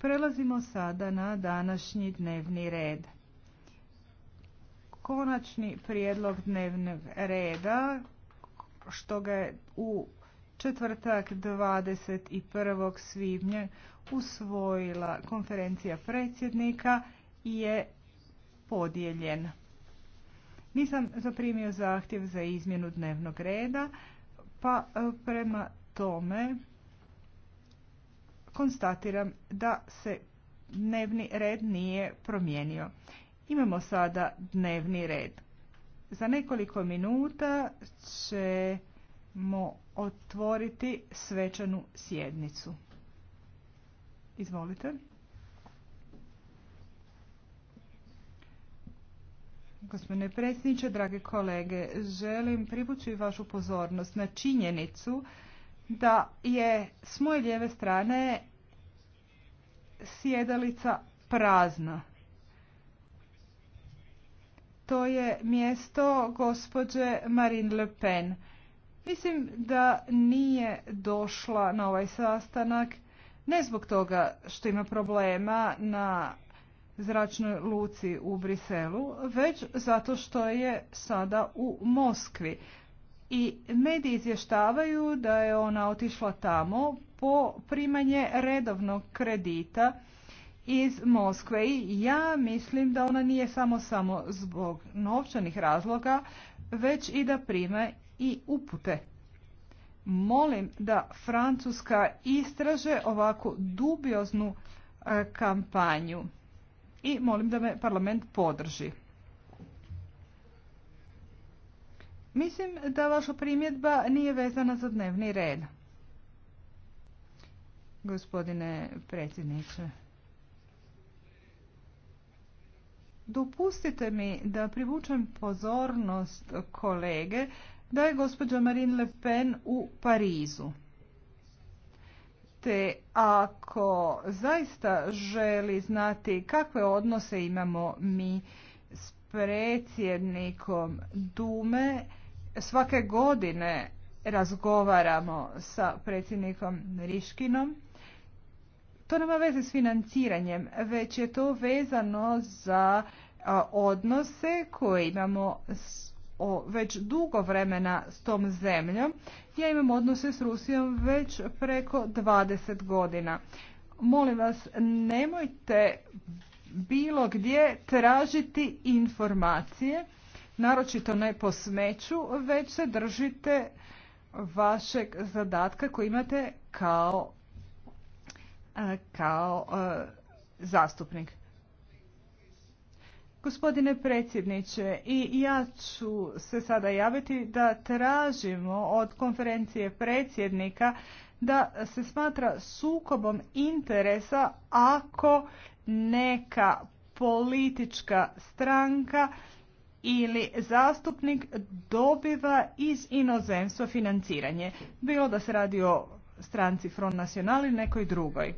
Prelazimo sada na današnji dnevni red. Konačni prijedlog dnevnog reda, što ga je u četvrtak 21. svibnja usvojila konferencija predsjednika, je podijeljen. Nisam zaprimio zahtjev za izmjenu dnevnog reda, pa eh, prema tome konstatiram da se dnevni red nije promijenio. Imamo sada dnevni red. Za nekoliko minuta ćemo otvoriti svečanu sjednicu. Izvolite. Gospodine predsjedniče, drage kolege, želim privući vašu pozornost na činjenicu da je s moje lijeve strane sjedalica prazna. To je mjesto gospođe Marine Le Pen. Mislim da nije došla na ovaj sastanak ne zbog toga što ima problema na zračnoj luci u Briselu, već zato što je sada u Moskvi i mediji izvještavaju da je ona otišla tamo po primanje redovnog kredita iz Moskve i ja mislim da ona nije samo samo zbog novčanih razloga, već i da prime i upute. Molim da Francuska istraže ovakvu dubioznu e, kampanju i molim da me parlament podrži. Mislim da vaša primjedba nije vezana za dnevni red. Gospodine predsjedniče. Dopustite mi da privučem pozornost kolege da je gospođa Marine Le Pen u Parizu. Te ako zaista želi znati kakve odnose imamo mi s predsjednikom Dume, svake godine razgovaramo sa predsjednikom Riškinom. To nema veze s financiranjem, već je to vezano za odnose koje imamo već dugo vremena s tom zemljom. Ja imam odnose s Rusijom već preko 20 godina. Molim vas, nemojte bilo gdje tražiti informacije naročito ne po smeću, već se držite vašeg zadatka koji imate kao, e, kao e, zastupnik. Gospodine predsjedniče, i ja ću se sada javiti da tražimo od konferencije predsjednika da se smatra sukobom interesa ako neka politička stranka ili zastupnik dobiva iz inozemstva financiranje, bilo da se radi o stranci Front National ili nekoj drugoj.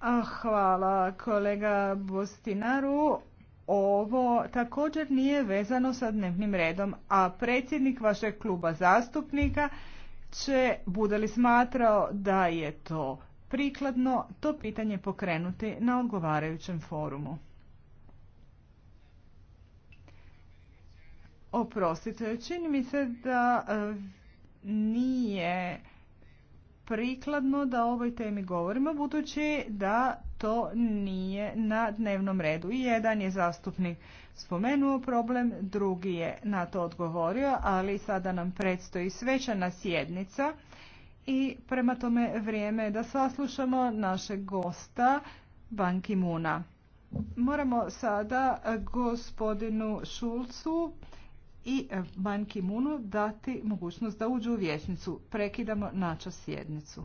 Ah, hvala kolega Bostinaru. Ovo također nije vezano sa dnevnim redom, a predsjednik vašeg kluba zastupnika će, bude li smatrao da je to prikladno, to pitanje pokrenuti na odgovarajućem forumu. Oprostite, čini mi se da e, nije prikladno da o ovoj temi govorimo, budući da to nije na dnevnom redu. I Jedan je zastupnik spomenuo problem, drugi je na to odgovorio, ali sada nam predstoji svečana sjednica i prema tome vrijeme je da saslušamo našeg gosta Banki Muna. Moramo sada gospodinu Šulcu i e, Ban ki dati mogućnost da uđu u vječnicu. Prekidamo načas sjednicu.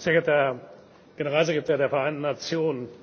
sehr geehrter generalsekretär der vereinten nationen!